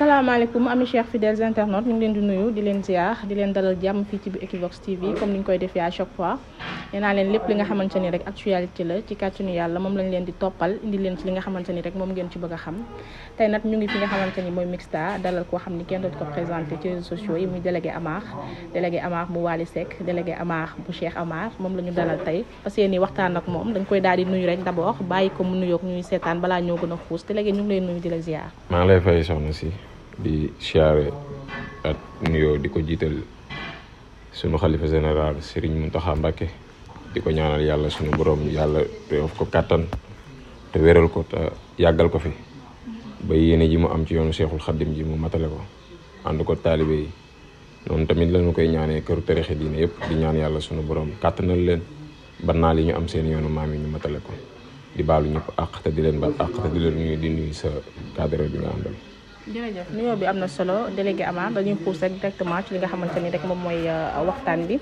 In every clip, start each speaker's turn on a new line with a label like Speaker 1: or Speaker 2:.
Speaker 1: asalaamaaleykum ami chers fidèles internautes ñu ngi leen di nuyu di leen ziar di leen dalal jàmm fii ci bi Equivox TV comme ni ñu koy defee à chaque fois nee naa leen lépp li nga xamante la ci lañ leen di toppal indi leen ci li nga xamante ni rek moom ngeen ci bëgg a xam tey nag ñu ngi fi nga xamante ni koo xam ni kenn dootu ko présenté ci réseaux sociaux yi muy délégué Amar délégué Amar bu Wali Seck délégué Amar bu Cheikh Amar moom la ñu dalal tey parce que yéen waxtaan ak moom dañ koy daal di nuyu rek d'abord bàyyi ko mu nuyoog ñuy seetaan balaa ñoo gën a xuus délégué ñu ngi nuyu di la
Speaker 2: maa ngi lay fay soxna si di siyaare ak nuyoo di ko jiital sunu xalifa général Serigne Mountakha Mbacké di ko ñaanal yàlla sunu boroom yàlla def ko kàttan te wéral ko yàggal ko fi ba yéene ji mu am ci yoonu Seexul Xaddim ji mu matale ko ànd ko taalibe yi noonu tamit lañu koy ñaanee këru tarixe diine yëpp di ñaan yàlla sunu borom kàttanal leen ba naa li ñu am seen yoonu maam yi ñu matale ko di baalu ñëpp àq te di leen baal àq te di leen nuyu di nuyu sa cadre bi nga
Speaker 1: jërëjëf nuyoo bi am na solo délégué Ama dañuy xuus rek directement ci li nga xamante ni rek moom mooy euh, waxtaan bi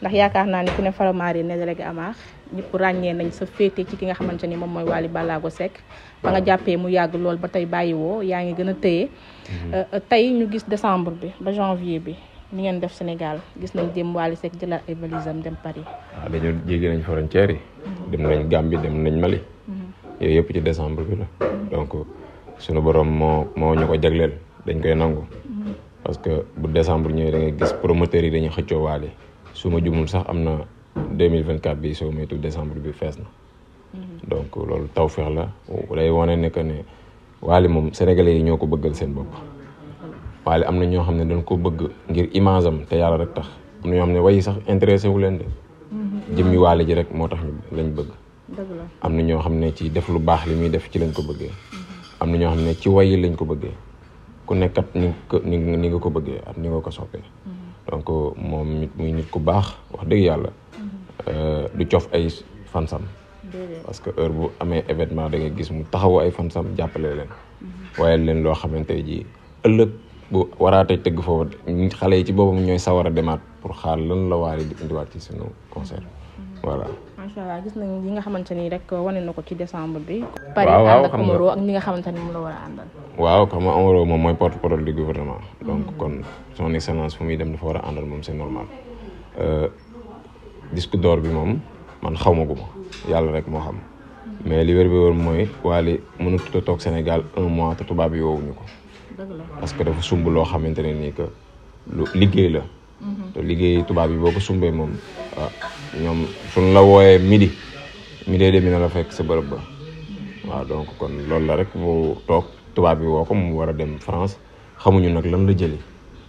Speaker 1: ndax yaakaar naa ni ki ne faramaari ne délégué Ama ñëpp ràññee nañ sa féete ci ki nga xamante ni moom mooy Wally Ballago Seck ba nga jàppee mu yàgg lool ba tey bàyyiwoo yaa ngi gën a téye mhm. euh, euh, tey ñu gis décembre bi ba janvier bi ni ngeen def Sénégal gis nañ dem Wally Seck jëlaat ay valisam dem Paris. waaw
Speaker 2: ah, dañoo jéggi nañ frontière yi. Mhm. dem nañ Gambie dem nañ mhm. yëpp ci bi la donc. suñu borom moo moo ñu ko jagleel dañ koy nangu parce que bu decembre ñëwee da ngay gis promoteurs yi dañuy xëccoo waale su ma jumul sax am na mille vingt 2024 bi soo moytuwul décembre bi fees na donc loolu tawfeex la lay wane ne que ne waali moom sénégalais yi ñoo ko bëggal seen bopp waali am na ñoo xam ne dañ ko bëgg ngir image am te yàlla rek tax am na ñoo xam ne wayi sax intéressé wu leen de jëmmi waali ji rek moo tax lañ bëgg am na ñoo xam ne ci def lu baax li muy def ci lañ ko bëggee am na ñoo xam ne ci way lañ ko bëggee ku nekkat ni ni nga ko bëggee ak ni nga ko soppee mm-hmm. donc moom it muy nit ku baax wax dëgg yàlla mm-hmm. euh, du cof ay fansam parce que heure bu amee événement da ngay gis mu taxawu ay fansam jàppale leen mm-hmm. waaye leen loo xamante ji ëllëg bu waraatee tëgg foofu xale yi ci boobam ñooy sawar a demaat pour xaar lan la waari di indiwaat ci sunu concert voilà
Speaker 1: macha allah gis nañ ñi nga xamante ni rek wane na ko ci décembre bi. waaw waaw xam nga Paris ak ñi nga xamante ni mu la war a àndal.
Speaker 2: waaw xam nga Omaro moom mooy porte parole du gouvernement. donc mm. kon son excellence fu muy dem dafa war a àndal moom c'est normal. Euh, disque d'or bi moom man xaw ma ko yàlla rek moo xam. mais li wér bi wër a toog Sénégal un mois te tubaab yi woowuñu ko. parce que dafa sumb loo xamante ne nii que lu liggéey la. Mm-hmm. te liggéey tubaab yi boo ko sumbee moom waaw ah, ñoom suñ la wooyee midi midi demi na la fekk sa bërëb ba mm-hmm. waaw donc kon loolu la rek mu toog tubaab bi woo ko mu war a dem France xamuñu nag lan la jëli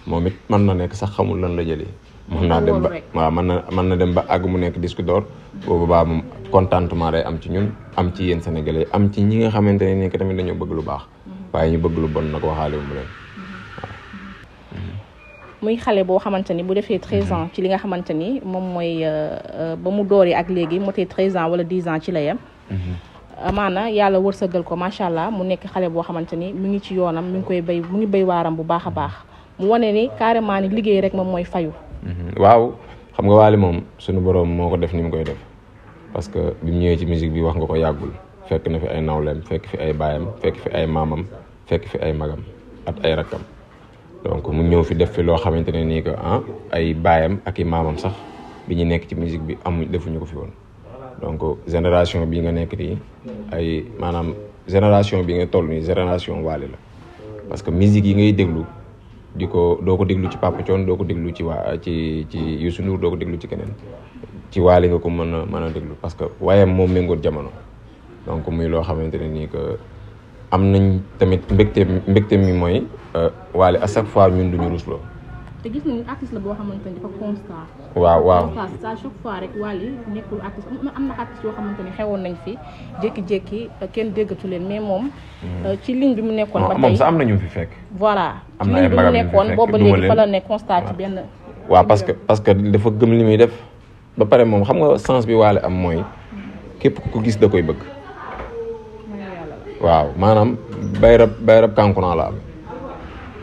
Speaker 2: moom it mën na nekk sax xamul lan la jëli mën naa dem ba waaw mën na mën na dem ba àgg mu nekk disque d'or mm-hmm. boobu baa moom contentement day am ci ñun am ci yéen sénégalais am ci ñi nga xamante ne nekk tamit dañoo bëgg lu baax waaye ñu bëgg lu bon nag waxaale mu leen
Speaker 1: muy xale boo xamante ni bu defee 13 mhm. ans ci li nga xamante ni moom mooy euh, euh, ba mu dooree ak léegi motee 13 ans wala 10 ans ci la yem. Mhm. amaana yàlla wërsëgal ko macha allah mu nekk xale boo xamante ni mu ngi ci yoonam mu ngi koy bay mu ngi bay waaram bu baax a baax mu wane ni carrément ni liggéey rek moom mooy fayu.
Speaker 2: Mhm. waaw xam nga waale moom sunu borom moo ko def ni mu koy def parce que bi mu ñëwee ci musique bi wax nga ko yàggul fekk na fi ay nawleem fekk fi ay fekk fi ay maamam fekk fi ay magam ak ay donc mu ñëw fi def fi loo xamante ne nii que ah ay baayam ak i maamam sax bi ñu nekk ci musique bi amuñ defuñu ko fi woon donc génération bi nga nekk nii ay maanaam génération bi nga toll nii génération waale la parce que musique yi ngay déglu di ko doo ko déglu ci Papa Thione doo ko déglu ci waa ci ci Youssou Ndour doo ko déglu ci keneen ci waale nga ko mën a mën a déglu parce que waaye moom méngoon jamono donc muy loo xamante ne nii ko am nañ tamit mbégte mbégte mi mooy euh, waale à chaque fois duñu rusloo.
Speaker 1: te waaw waaw constant à na artiste yoo nañ fi jékki-jékki euh, kenn déggatu leen mais moom. ci mu nekkoon. moom sax
Speaker 2: am na ñu fi fekk.
Speaker 1: voilà ci ligne bi mu nekkoon boobu léegi fa la nekk constat ci benn.
Speaker 2: waaw parce que parce que dafa gëm li muy def ba pare moom xam nga sens bi Wally am mooy hmm. képp ku ko gis da koy bëgg. waaw maanaam bayrab bayrab kànkunaa la am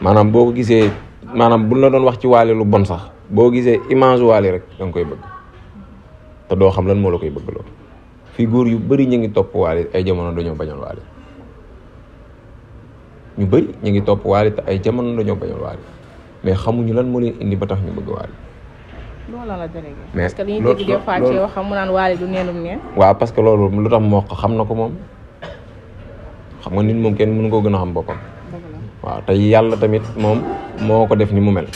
Speaker 2: maanaam boo ko gisee maanaam buñ la doon wax ci waali lu bon sax boo gisee image waali rek da koy bëgg te doo xam lan moo la koy bëgg loo fii góor yu bëri ñu ngi topp waali ay jamono dañoo bañoon waali ñu bëri ñu ngi topp waali te ay jamono dañoo bañoon waali xamuñu lan moo leen indi ba tax ñu bëgg waali
Speaker 1: loola la délégué. mais parce que naan waali du neenum neen.
Speaker 2: waaw parce que loolu lu tax moo xam na ko moom. xam nga nit moom kenn mënu koo gën a xam boppam. waaw te yàlla tamit moom moo ko def ni mu mel.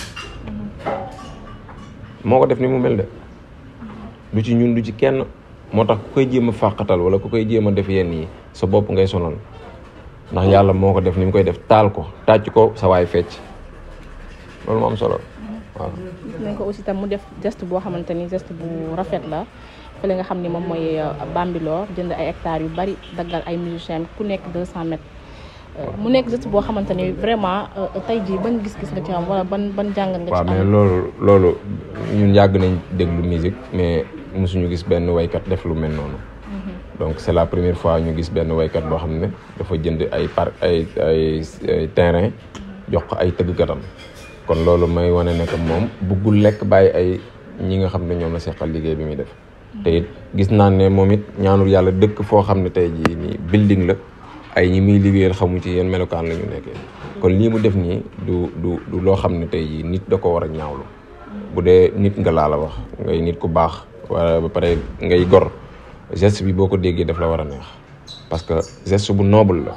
Speaker 2: moo ko def ni mu mel de du ci ñun du ci kenn moo tax ku koy jéem a fàqatal wala ku koy jéem a def yenn yi sa bopp ngay sonal ndax yàlla moo ko def ni mu koy def taal ko tàcc ko sawaay waay fecc loolu moo am solo
Speaker 1: waaw. mu def geste boo xamante ni bu rafet la. fële nga xam ni moom mooy euh, Bambilor jënd ay hectares yu bari daggal ay musiciens ku nekk 200 mètres. Euh, mu nekk geste boo xamante ni vraiment euh, tey jii ban gis-gis nga ci am wala ban ban jàngat nga ci mais loolu
Speaker 2: loolu ñun yàgg nañ déglu musique mais mosuñu gis benn waykat def lu mel noonu. Mm-hmm. donc c'est la première fois ñu gis benn waykat boo xam ne dafa jënd ay par ay ay terrain jox ko ay tëggkatam kon loolu may wane ne que moom buggul lekk bàyyi ay ñi nga xam ne ñoom la seqal liggéey bi muy def. te gis naa ne moom it ñaanul yàlla dëkk foo xam ne tey jii nii building la ay ñi muy liggéeyal xamu ci yenn melokaan la ñu nekkee kon lii mu def nii du du du loo xam ne tey nit da ko war a ñaawlu bu dee nit nga laa la wax ngay nit ku baax wala ba pare ngay gor geste bi boo ko déggee daf la war a neex parce que geste bu noble la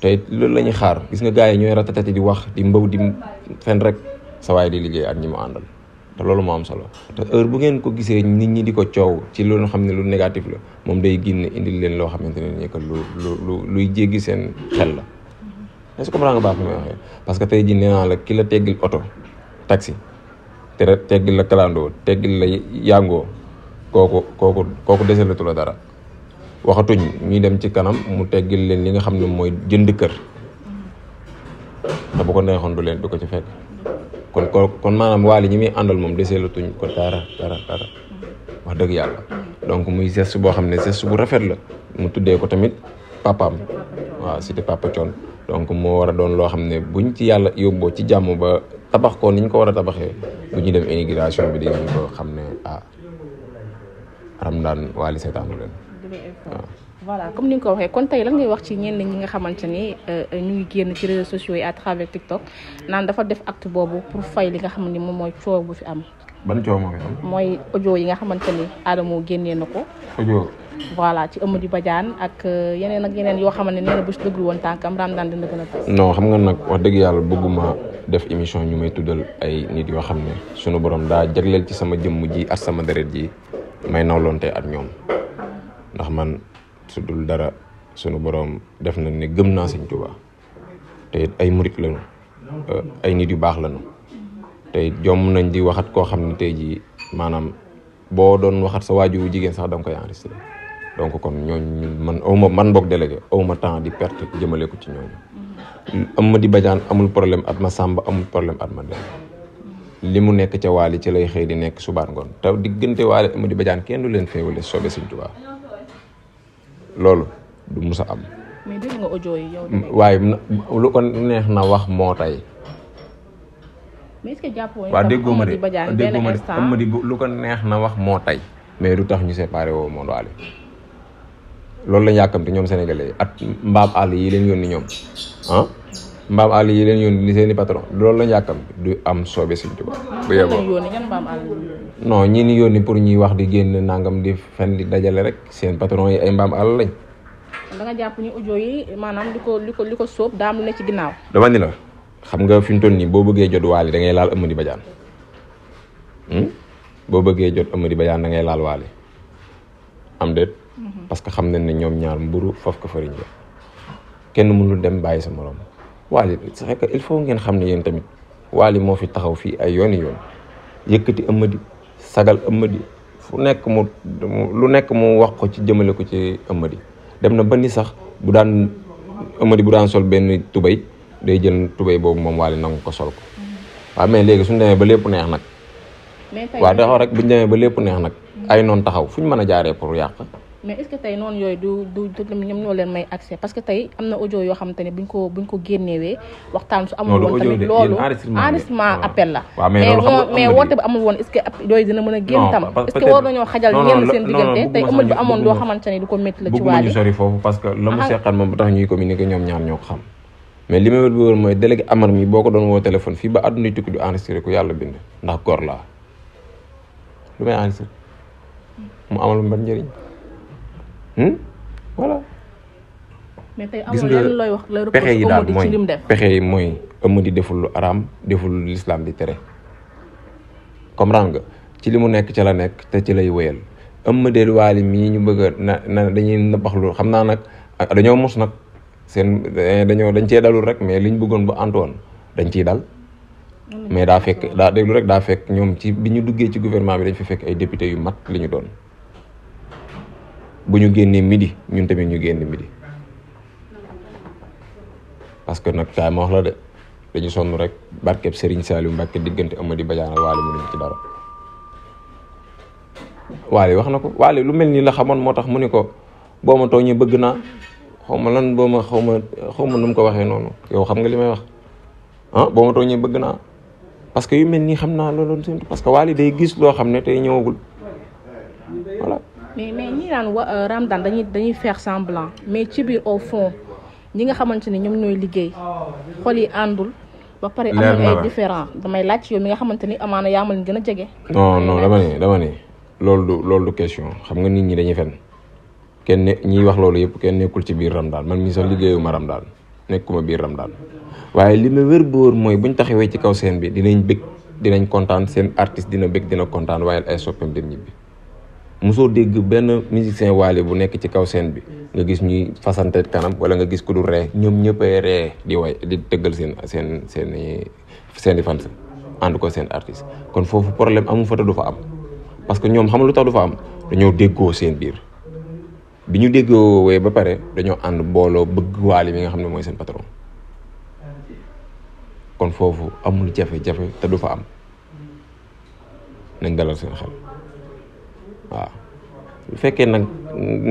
Speaker 2: te loolu la ñuy xaar gis nga gars yi ñooy ratatati di wax di mbaw di fen rek sa di liggéey ak ñi mu àndal te loolu moo am solo te heure bu ngeen ko gisee nit ñi di ko coow ci loolu xam ne lu négatif la moom day génn indi leen loo xamante ne nii que lu lu luy jéggi seen xel la. est-ce parce que tey jii nee naa la ki la teggil oto taxi te teggil la kalandoo teggil yàngoo kooku kooku kooku deselatu la dara waxatuñ ñuy dem ci kanam mu teggil leen li nga xam ne mooy jënd kër te bu ko neexoon du leen du ko ci fekk. kon kon maanaam waali ñi muy àndal moom desee la tuñ ko dara dara dara mm-hmm. wax dëgg yàlla mm-hmm. donc muy geste boo xam ne geste bu rafet la mu tuddee ko tamit papaam waaw c'était papa Thione donc moo war a doon loo xam ne buñ ci yàlla yóbboo ci jàmm ba tabax ko ni ñu ko war a tabaxee bu ñu dem immigration bi dinañ ko xam ne ah Ramadane waali seetaanu leen
Speaker 1: waaw voilà comme ni nga ko waxee kon tey wax ci ñenn ñi nga xamante ni euh, ñu ngi génn ci réseaux sociaux yi à travers TikTok naan dafa def acte boobu pour fay li nga xam ni moom mooy coow bu fi am. ban coow moo mooy audio yi nga xamante ni Adamo génnee na ko. audio. voilà ci Amady Badiane ak euh, yeneen ak yeneen yoo xam ne nee na bu si déglu woon tànkam Ramdan dina gën a fës. non xam
Speaker 2: nga nag wax dëgg yàlla bëgguma def émission ñu may tuddal ay nit yoo xam ne sunu borom daa jagleel ci sama jëmm ji ak sama deret ji may nawlonte ak ñoom ndax man. su dul dara sunu boroom def na ni gëm naa sëñ Tuubaa te ay murit lañu eh, ay nit yu baax lañu te it jomm nañ di waxat koo xam ne tey jii maanaam boo doon waxat sa wu jigéen sax da nga koy enregistré donc kon ñooñu man awma man boog délégué awma temps di perte jëmale ko ci ñooñu am ma di bajaan amul problème at ma sàmba amul problème at ma dem li mu nekk ca waali ci lay xëy di nekk subaat ngoon te diggante waali ama di bajaan kenn du leen féewale sobe sëñ Tuubaa loolu du mus a am. waaye lu ko neex na wax moo tey.
Speaker 1: mais ma de déggoo ma de Amady
Speaker 2: lu ko neex na wax moo mais du tax ñu séparé woo Modou Aly loolu lañ yàkkamte ñoom sénégalais yi at mbaam àll yii leen yónni ñoom ah. mbaam àll yi leen yónni ni seen i patron loolu lañ yàkkam du am soobe Sëñ Tuubaa bu yeboo non ñi ni yónni pour ñuy wax di génn nangam di fen di dajale rek seen patron yi ay mbaam àll lañ
Speaker 1: da nga jàpp ni audio yi maanaam li ko li ko li ko daam ne ci ginnaaw
Speaker 2: dama ni la xam nga fi mu toll nii boo bëggee jot waali da ngay laal Amady Badiane hmm? boo bëggee jot Amady Badiane da ngay laal waali am déet mhm. parce que xam nañ ne ñoom ñaar mburu foofu ko fariñ la kenn mënul dem bàyyi sa moroom Wally c'est vrai que il faut ngeen xam ne yéen tamit waal yi moo fi taxaw fii ay yooni yoon yëkkati Eumeudi sagal Eumeudi fu nekk mu lu nekk mu wax ko ci jëmale ko ci Eumeudi dem na ba ni sax bu daan Eumeudi bu daan sol benn tubay day jël tubay boobu moom Wally nangu ko sol ko waaw mais léegi suñu demee ba lépp neex nag waa waaw daxaw rek bu demee ba lépp neex nag ay noon taxaw fu ñu mën a jaaree pour yàq
Speaker 1: mais est-ce que tey noonu yooyu du du du ñoom ñoo leen may accès parce que tey am na audio yoo xamante ne buñ ko buñ ko génnewee waxtaan su amul woon tamit loolu enregistrement appel la mais mais woote xamante ne du ko métti la ci waali sori
Speaker 2: foofu parce que la mu seqal moom tax ñuy communiquer ñoom ñaar ñoo ko ma wér ba àdduna Hmm? voilà.
Speaker 1: mais tey wax lay pexe yi daal mooy pexe yi
Speaker 2: mooy Eumeudi deful lu araam deful lislaam di tere. comprendre nga ci li mu nekk ca la nekk te ci lay wéyal Eumeudi Waly mii ñu bëgg a na na dañuy nëbbaxlu xam naa nag ah, dañoo mos nag seen eh, dañoo dañ cee dalul rek mais liñ bëggoon bu antoon dañ ciy dal. mais daa fekk daa déglu rek daa fekk ñoom ci bi ñu duggee ci gouvernement bi dañ fi fekk ay député yu mat li ñu doon. bu ñu génnee midi ñun tamit ñu génn midi parce que nag kaay ma wax la de dañu sonn rek barkeb Serigne Saliou Mbacke diggante Amady Badiane ak Waly mënuñ ci dara Waly wax na ko Waly lu mel nii la xamoon moo tax mu ni ko boo ma tooñee bëgg naa xaw ma lan boo ma xaw ma xaw ma nu ko waxee noonu yow xam nga li may wax ah boo ma tooñee bëgg naa parce que yu mel nii xam naa loolu parce que Waly day gis loo xam ne tey ñëwagul voilà
Speaker 1: mais mais ñi naan wa euh, Ramadan dañuy dañuy faire semblant mais ci biir au fond ñi nga xamante ni ñoom ñooy liggéey xol yi àndul. ba pare am ay différent damay laaj yow mi nga xamante ni amaana yaa ma leen gën a jege. non non dama ne
Speaker 2: dama loolu du loolu du question xam nga nit ñi dañuy fen kenn ne ñiy wax loolu yëpp kenn nekkul ci biir Ramadan man mii sax liggéeyuma Ramadan nekkuma biir Ramadan waaye li ma wér bu wóor mooy buñ taxawee ci kaw seen bi dinañ bëgg dinañ kontaan seen artiste dina bëgg dina kontaan waaye ay soppeem dem ñibbi. mosoo dégg benn musicien waale bu nekk ci kaw seen bi nga gis ñuy fasante kanam wala nga gis ku du ree ñoom ñëppay ree di way di tëggal seen seen seen seen i ànd ko seen artiste kon foofu problème amu fa te du fa am parce que ñoom xam lu tax du fa am dañoo déggoo seen biir bi ñu déggoo wee ba pare dañoo ànd booloo bëgg waale bi nga xam ne mooy seen patron kon foofu amul jafe-jafe te du fa am nañ dalal seen xel waaw bu fekkee nag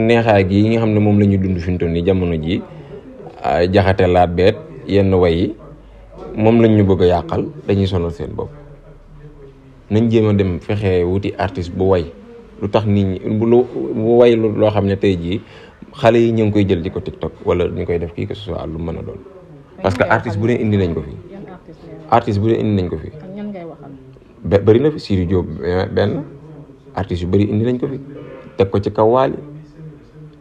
Speaker 2: neexaay gi yi nga xam ne moom la ñu dund fi mu toll nii jamono ji jaxate laat beet yenn way yi moom lañ ñu bëgg a yàqal dañuy sonal seen bopp nañ jéem a dem fexe wuti artiste bu way lu tax nit ñi lu way loo xam ne tey jii xale yi ñu ngi koy jël di ko TikTok wala ñu koy def kii que ce lu mën a doon parce que artiste bu ne indi nañ ko fi artiste bu ne indi nañ ko fi bëri na fi Sidy Diop eh, benn artistes yu bëri indi nañ ko fi teg ko ci kaw waali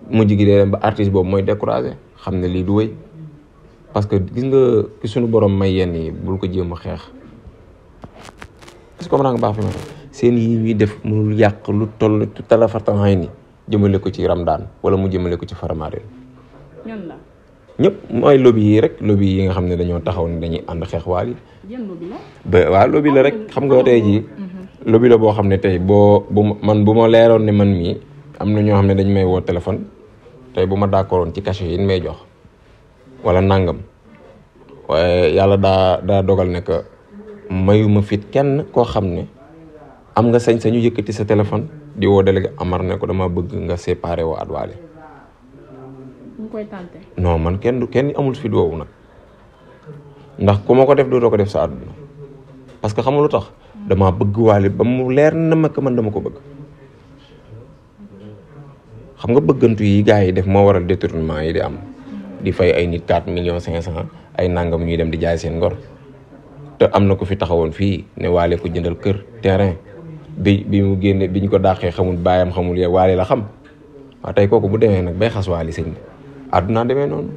Speaker 2: mujj gi dee dem ba artiste boobu mooy découragé xam ne lii du wéy parce que gis nga ki suñu borom may yenn yi bul ko jéem a xeex est-ce que comprendre nga baax fi ma seen yi ñuy def mënul yàq lu toll talafartaay ni jëmale ko ci ramdaan wala mu jëmale ko ci faramaareen ñoom ñëpp mooy lobby yi rek lobby yi nga xam ne dañoo taxaw ne dañuy ànd xeex waal yi ba waaw lobby la rek xam nga tey jii mm. lobby la boo xam ne tey boo bu ma man bu ma leeroon ne man mii am na ñoo xam ne dañ may woo téléphone tey bu ma d'accordoon ci cachet yi may jox wala nangam waaye yàlla daa daa dogal ne mayuma fit kenn koo xam ne am nga sañ-sañu yëkkati sa téléphone di woo délégué Amar ne ko dama bëgg nga séparé woo at waale man kenn du kenn amul fit woowu nag ndax ku ma ko def dootoo ko def sa àdduna parce que tax. dama bëgg waali ba mu leer na ma man dama ko bëgg xam nga bëggantu yi gars yi def moo waral détournement yi di am di fay ay nit quatre millions cinq cent ay nangam ñuy dem di jaay seen ngor te am na ko fi taxawoon fii ne waale ko jëndal kër terrain bi bi mu génne bi ñu ko dàqee xamul baayam xamul yow waale la xam waa tey kooku bu demee nag bay xas waali sëñ bi àdduna demee noonu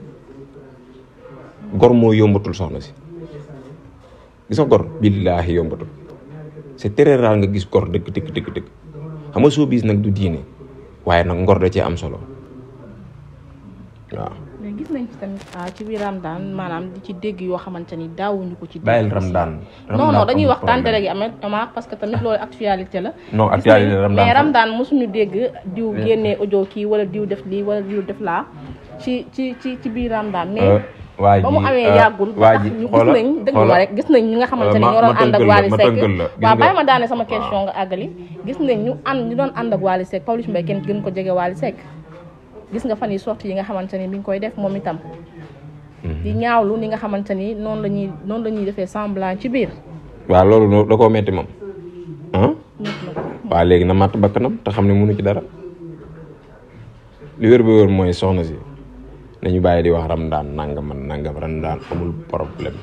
Speaker 2: gor moo yombatul soxna si gis nga gor billaahi yombatul c'est très rare nga gis gor dëgg dëgg dëgg dëgg xam nga showbiz nag du diine waaye nag ngor da cee am solo waaw.
Speaker 1: mais gis nañ ci tamit ah, ci biir Ramadan maanaam di ci dégg yoo xamante ni daawuñu ko ci. bàyyil Ramadan.
Speaker 2: non non dañuy wax tànn rek
Speaker 1: am na parce que tamit loolu actualité la. la Ramadan mais Ramadan mosuñu dégg diw génnee audio kii wala diw def lii wala diw def laa. ci ci ci ci biiram daal euh, mais waa ji ba mu amee euh, yàggul waa ji ñu gis nañ dëgg ma rek gis nañ ñi nga xamante euh, ne ñoo ak Wally Seck waaw bàyyi sama question nga àggali gis nañ ñu ànd ñu doon ànd ak Wally Seck Pawlish Mbaye kenn gën ko jege Wally gis nga fan yi sorti yi nga xamante ni mi ngi koy def moom itam mhm. di ñaawlu nga xamante ni noonu la ñuy noonu la defee semblant ci biir
Speaker 2: waa loolu da koo metti moom ah léegi na matt bakkanam te xam ne mënu ci dara li wér ba mooy soxna si nañu bàyyi di wax ramdaan nangam man nangam ramdaan amul problème.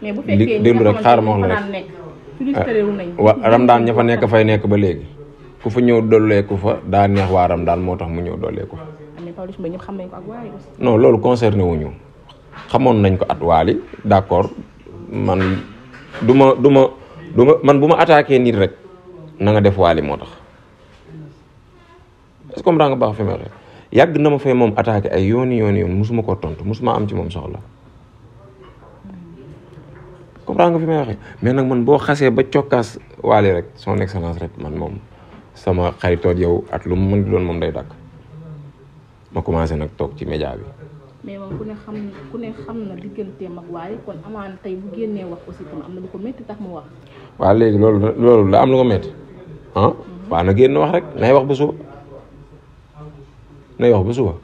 Speaker 1: mais bu fekkee déglu rek xaaral ma wax la rek. wa
Speaker 2: ramdaan ña fa nekk fay nekk ba léegi ku fa ñëw dolleeku fa daa neex waa ramdaan moo tax mu ñëw dolleeku fa. non loolu concerné wu ñu xamoon nañ ko at waali d'accord man du ma du ma du man bu ma attaqué nit rek na nga def waali moo tax est-ce que comprendre nga baax fi yàgg na ma fee moom attaqué ay yooni yooni yoon musuma koo tontu musuma am ci moom soxla comprendre nga fi may waxee mais nag man boo xasee ba cokkaas waale rek son excellence rek man moom sama xaritoot yow at lu mu mën di doon moom day dàkk ma commencé nag toog ci média bi.
Speaker 1: mais moom ku ne xam na digganteem ko métti tax mu wax.
Speaker 2: waaw léegi loolu la am lu ko métti ah. Mhm. waaw na génn wax rek nay wax ba suba. nay wax ba suba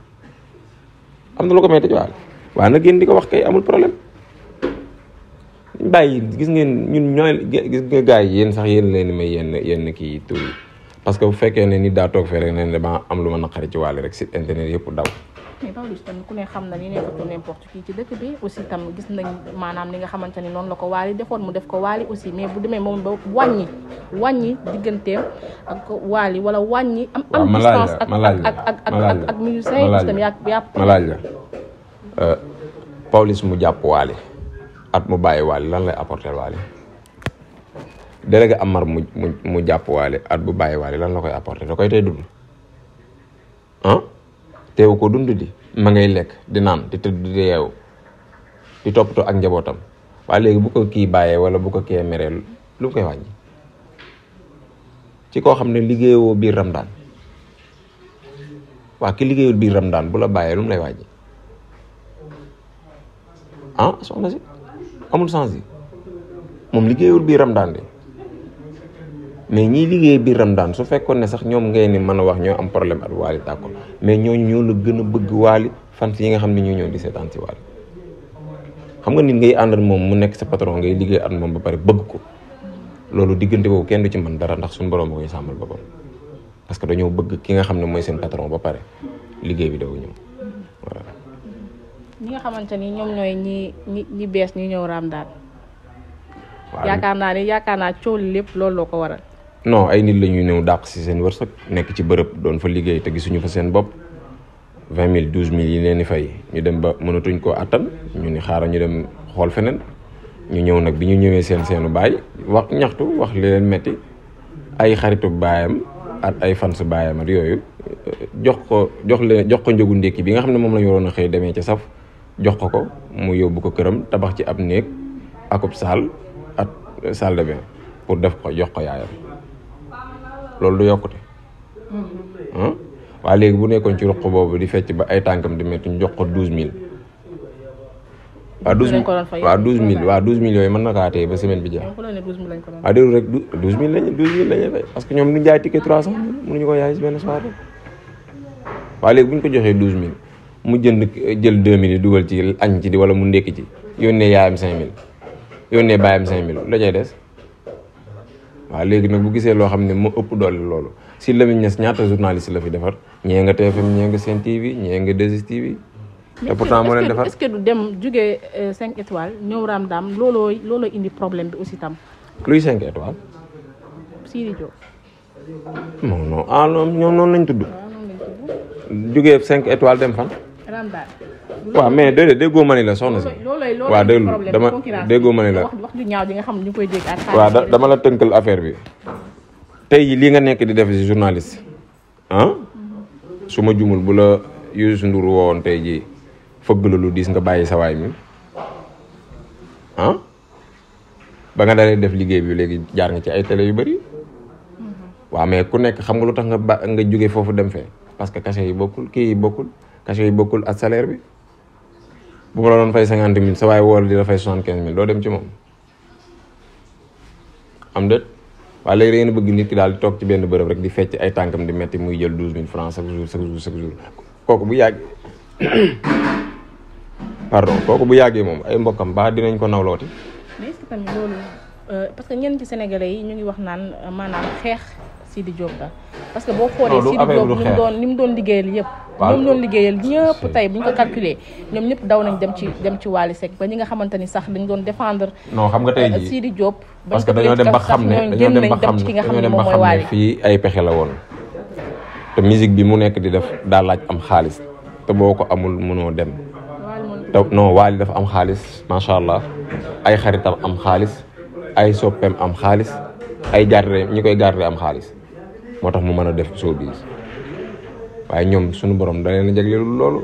Speaker 2: am na lu ko may tëjwaale waa nag génn di ko wax kay amul problème bàyyi gis ngeen ñun ñooy gis nga gaa yi yéen sax yéen leen may yenn yenn kii tur yi que bu fekkee ne nit daa toog fee rek ne damaa am lu ma naqari ci wàll rek si internet yëpp daw
Speaker 1: mais Pawlish tamit ku ne xam na ni nekkatul ci dëkk bi aussi gis nañ maanaam li nga xamante ni noonu la ko waali defoon mu def ko waali aussi bu demee moom ba wàññi wàññi digganteem ak waali wala wàññi am am ak ak
Speaker 2: malaaj la euh, mu jàpp waali at mu bàyyi waali lan lay apporter waali délégué Amar mu mu jàpp waale at bu bàyyi waale lan la koy apporter da koy tey dund teewu ko dund di ma ngay lekk di naan di tëdd di yeewu di toppatoo ak njabootam waa léegi bu ko kii bàyyee wala bu ko kii meree lu mu koy wàññi ci koo xam ne liggéeyoo biir ramdaan waa ki liggéeyul biir ramdaan bu la bàyyee lu mu lay wàññi ah soxna amul sens yi moom liggéeyul biir ramdaan de mais ñiy liggéey biir daan su fekkoon ne sax ñoom ngay ni mën a wax ñoo am problème ak Wally d'accord mais ñooñu ñoo la gën bëgg Wally fan yi nga xam ne ñoo di seetaan si Wally xam nga nit ngay àndal moom mu nekk sa patron ngay liggéey at moom ba pare bëgg ko loolu diggante kenn du ci mën dara ndax suñu borom ba koy sàmmal boppam parce que dañoo bëgg ki nga xam ne mooy seen patron ba pare liggéey bi daw ñëw voilà.
Speaker 1: ñi xamante ni ñoom ñooy ñi ñi ñi bees ñi ñëw Ramadan. waaw yaakaar naa ne yaakaar naa coow lépp loolu loo ko waral.
Speaker 2: non ay nit la ñuy ñëw dàq si seen wërsëg nekk ci bërëb doon fa liggéey te gisuñu fa seen bopp vingt mille douze mille yi leen di fay ñu dem ba mënatuñ koo attan ñu ni xaaral ñu dem xool feneen ñu ñëw nag bi ñu ñëwee seen seenu baay wax ñaxtu wax li leen metti ay xaritu baayam ak ay fans baayam at yooyu jox ko jox leen jox ko njëgu ndékki bi nga xam ne moom la ñu a xëy demee ca saf jox ko ko mu yóbbu ko këram tabax ci ab néeg akub saal ak salle de pour def ko jox ko yaayam loolu du yokkute hmm? waa léegi bu nekkoon ci ruq boobu di fecc ba ay tànkam di métti ñu jox ko douze mille waa douze mille waa douze mille waa douze mille yooyu mën na kaa tey ba semaine bi jeex waa déedéet rek douze mille lañu douze mille lañu fay parce que ñoom duñ jaay ticket trois cent mille mënuñu ko yaay si benn soirée waa léegi bu ñu ko joxee douze mille mu jënd jël deux mille dugal ci añ ci di wala mu ndekki ci yónnee yaayam cinq mille yónnee baayam cinq mille la cay des waaw léegi nag bu gisee loo xam ne mu ëpp doole loolu si Lamine Niass ñaata journaliste la fi defar ñee nga TFM ñee nga Sen TV ñee nga 2STV.
Speaker 1: te pourtant moo leen defar est du dem jugee euh, cinq étoiles ñëw Ramdam looloo looloo indi problème bi aussi tam.
Speaker 2: luy 5 étoiles.
Speaker 1: Sidi Diop.
Speaker 2: non non ah ñoom noonu lañ tudd. Ah, jugee 5 étoiles dem fan.
Speaker 1: daan daal. waaw mais déedéet déggoo ma ne la soxna si. loolay loolay dama ma ne la. wax nga xam ne ñu koy
Speaker 2: la tënkal affaire bi. tey jii li nga nekk di def si suma ah. Mm-hmm. su ma jumul bu la Youssou Ndour woowoon tey jii fëgg la lu diis nga bàyyi sa waay mi ah? ba nga dalee def liggéey bi léegi jaar nga ci ay tele yu bari. Mm-hmm. waaw mais ku nekk xam nga lu tax nga nga jóge foofu dem fee parce que yi bokkul kii yi bokkul. cachet yi bokkul ak salaire bi bu ma la doon fay cinquante mil sa waaye wóor di la fay soixante quinze mille doo dem ci moom am dët waaye léegi ngeen bëgg nit ki daal di toog ci benn bërëb rek di fecc ay tànkam di metti muy jël douze mille francs chaque jour chaque jour chaque jour kooku bu yàgg pardon kooku bu yàggee moom ay mbokkam baax dinañ ko nawlooti.
Speaker 1: que tamit loolu euh, parce que ñenn ci sénégalais yi ñu ngi wax naan euh, maanaam xeex. Sidi Diop daal parce que boo xoolee Sidi Diop ni mu doon doon liggéeyal yëpp ñoom doon liggéeyal ñëpp tey bu ñu ko calculé ñoom ñépp daw nañ dem ci dem ci Wally Seck ba ñi nga xamante ni sax dañ doon défendre non
Speaker 2: xam nga tey euh, jii
Speaker 1: di Diop parce que dañoo dem ba xam ne dañoo dem ba xam ne dañoo dem ba xam ne
Speaker 2: fii ay pexe la woon te bi mu nekk di def daa laaj am xaalis te boo ko amul mënoo dem te non Wally dafa am xaalis macha allah ay xaritam am xaalis ay soppeem am xaalis ay garde ñi koy garde am xaalis moo tax mu mën a def bii waaye ñoom suñu borom da leen a jagleelu loolu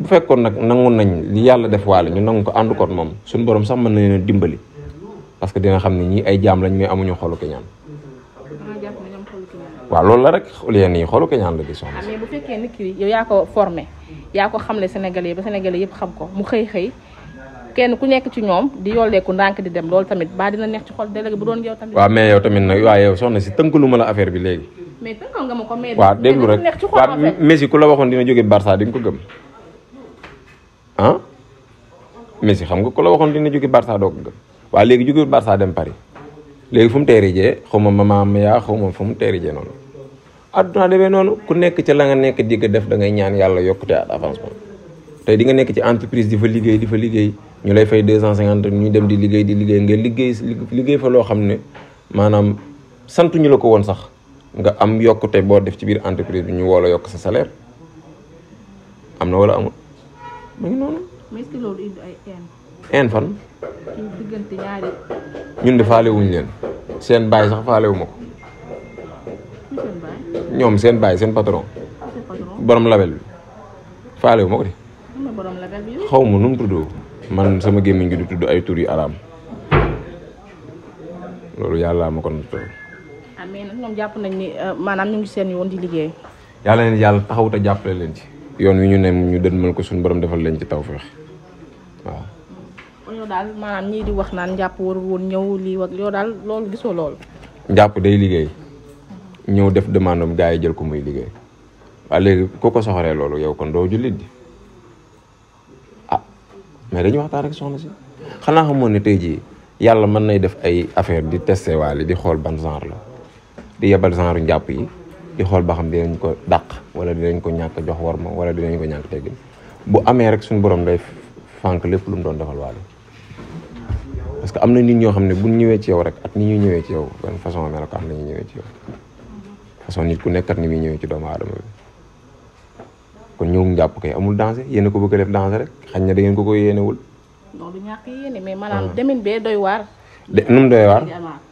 Speaker 2: bu fekkoon nag nangu nañ li yàlla def waale ñu nangu ko ànd koon moom suñu borom sax mën na leen dimbali parce que dina xam ne ñi ay jaam lañ mais amuñu xolu keñaan waa loolu la rek yenn yi xolu keñaan la di
Speaker 1: soxna ah, mais bu yaa ko formé yaa ko xamle Sénégalais ba Sénégalais yëpp xam ko mu xëy xëy kenn ku nekk ci ñoom di yolleeku ndànk di dem loolu tamit ba dina neex ci xol délégué bu doon yow tamit. waaw mais yow tamit nag
Speaker 2: waaw yow soxna si tënkalu ma la affaire bi léegi.
Speaker 1: mais tënkal nga ma ko mais. rek
Speaker 2: Messi ku la waxoon dina jóge Barça di nga ko gëm ah? Messi xam ku la waxoon dina jóge Barça doo ko gëm waaw léegi jóge Barça dem Paris léegi fu mu teeri jee xaw ma maman yaa xaw ma fu mu teeri jee noonu adduna demee noonu ku nekk ci la nekk di def dangay ñaan yàlla yokkute ak avancement tey di nga nekk ci entreprise di fa liggéey di fa liggéey ñu lay fay deux cent cinquante ñu dem di liggéey di liggéey nga liggéey liggéey fa loo xam ne maanaam santuñu la ko woon sax nga am yokkute boo def ci biir entreprise bi ñu woo la yokk sa saleer am na wala amul
Speaker 1: mu noonu. mais ñun
Speaker 2: de leen seen baay sax faale ma ko. ñoom seen baay seen patron. borom label bi faale wu ma ko de.
Speaker 1: borom xaw
Speaker 2: ma nu tuddoo. man sama gémmiñ gi du tudd ay tur yu araam loolu yàlla ma ko nattoo.
Speaker 1: nag ñoom jàpp nañ ni euh, maanaam ñu ngi seen yoon di liggéey.
Speaker 2: yàlla leen yàlla taxawut a jàppale leen ci. yoon wi ñu ne ñu dënmal ko suñu borom defal leen ci tawfeex waaw.
Speaker 1: yow daal maanaam ñii di wax naan jàpp war woon ñëw lii wax yow daal loolu gisoo loolu.
Speaker 2: jàpp day liggéey ñëw def demande am gars yi jël ko muy liggéey waaye léegi ku ko soxoree loolu yow kon doo jullit di mais dañu waxtaan rek soxna si xanaa xamoon ne tey jii yàlla mën nay def ay affaire di testé waale di xool ban genre la di yebal genre u njàpp yi di xool ba xam dinañ ko dàq wala dinañ ko ñàkk jox war ma wala dinañ ko ñàkk teggin bu amee rek suñu borom day fànk lépp lu mu doon defal waale parce que am na nit ñoo xam ne bu ñëwee ci yow rek at ni ñu ñëwee ci yow benn façon melokaan la ñu ñëwee ci yow façon nit ku nekkat ni muy ñëwee ci doomu aadama bi kon ñëw jàpp kay amul danger yéen a ko bëgg a def danger rek xañ na da ngeen ko koy yéenewul.
Speaker 1: loolu ñàkk yéene mais ah. maanaam demin bee doy waar.
Speaker 2: de nu mu doy waar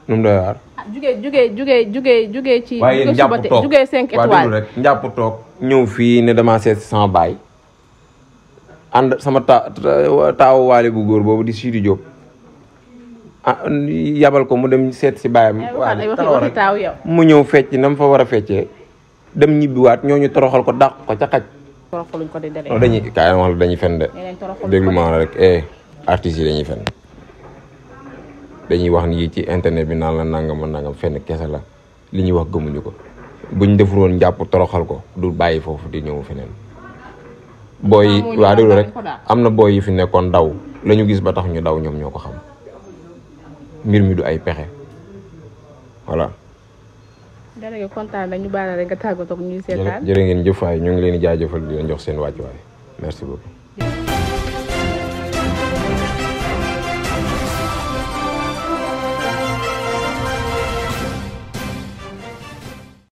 Speaker 2: nu doy waar.
Speaker 1: Ah, jugee jugee jugee jugee ci. toog jugee cinq étoiles
Speaker 2: rek ñëw fii ne damaa seet sama baay ànd sama ta waale bu góor boobu di Sidi Diop ah yabal ko mu dem seet si baayam. Eh, eh, mu ñëw fecc na fa war a feccee dem ñibbiwaat ñooñu toroxal ko dàq ko ca xaj.
Speaker 1: toroxaluñ ko di dañuy
Speaker 2: kaay ma wax la dañuy fen de. déglu ma rek eh artistes yi dañuy fen dañuy wax ni ci internet bi naan la nangam nangam fenn kese la li ñuy wax gëmuñu ko buñ defuroon njàpp toroxal ko du bàyyi foofu di ñëw feneen. booy yi waa déglu rek am na booy yi fi nekkoon daw lañu gis ba tax ñu daw ñoom ñoo ko xam mbir mi du ay pexe voilà.
Speaker 1: dara nga kontaan dañu baal rek nga tàggatoo ak ñuy seetaan. jërë
Speaker 2: ngeen jëf waay ñu ngi leen di jaajëfal di leen jox seen wàccuwaay merci beaucoup.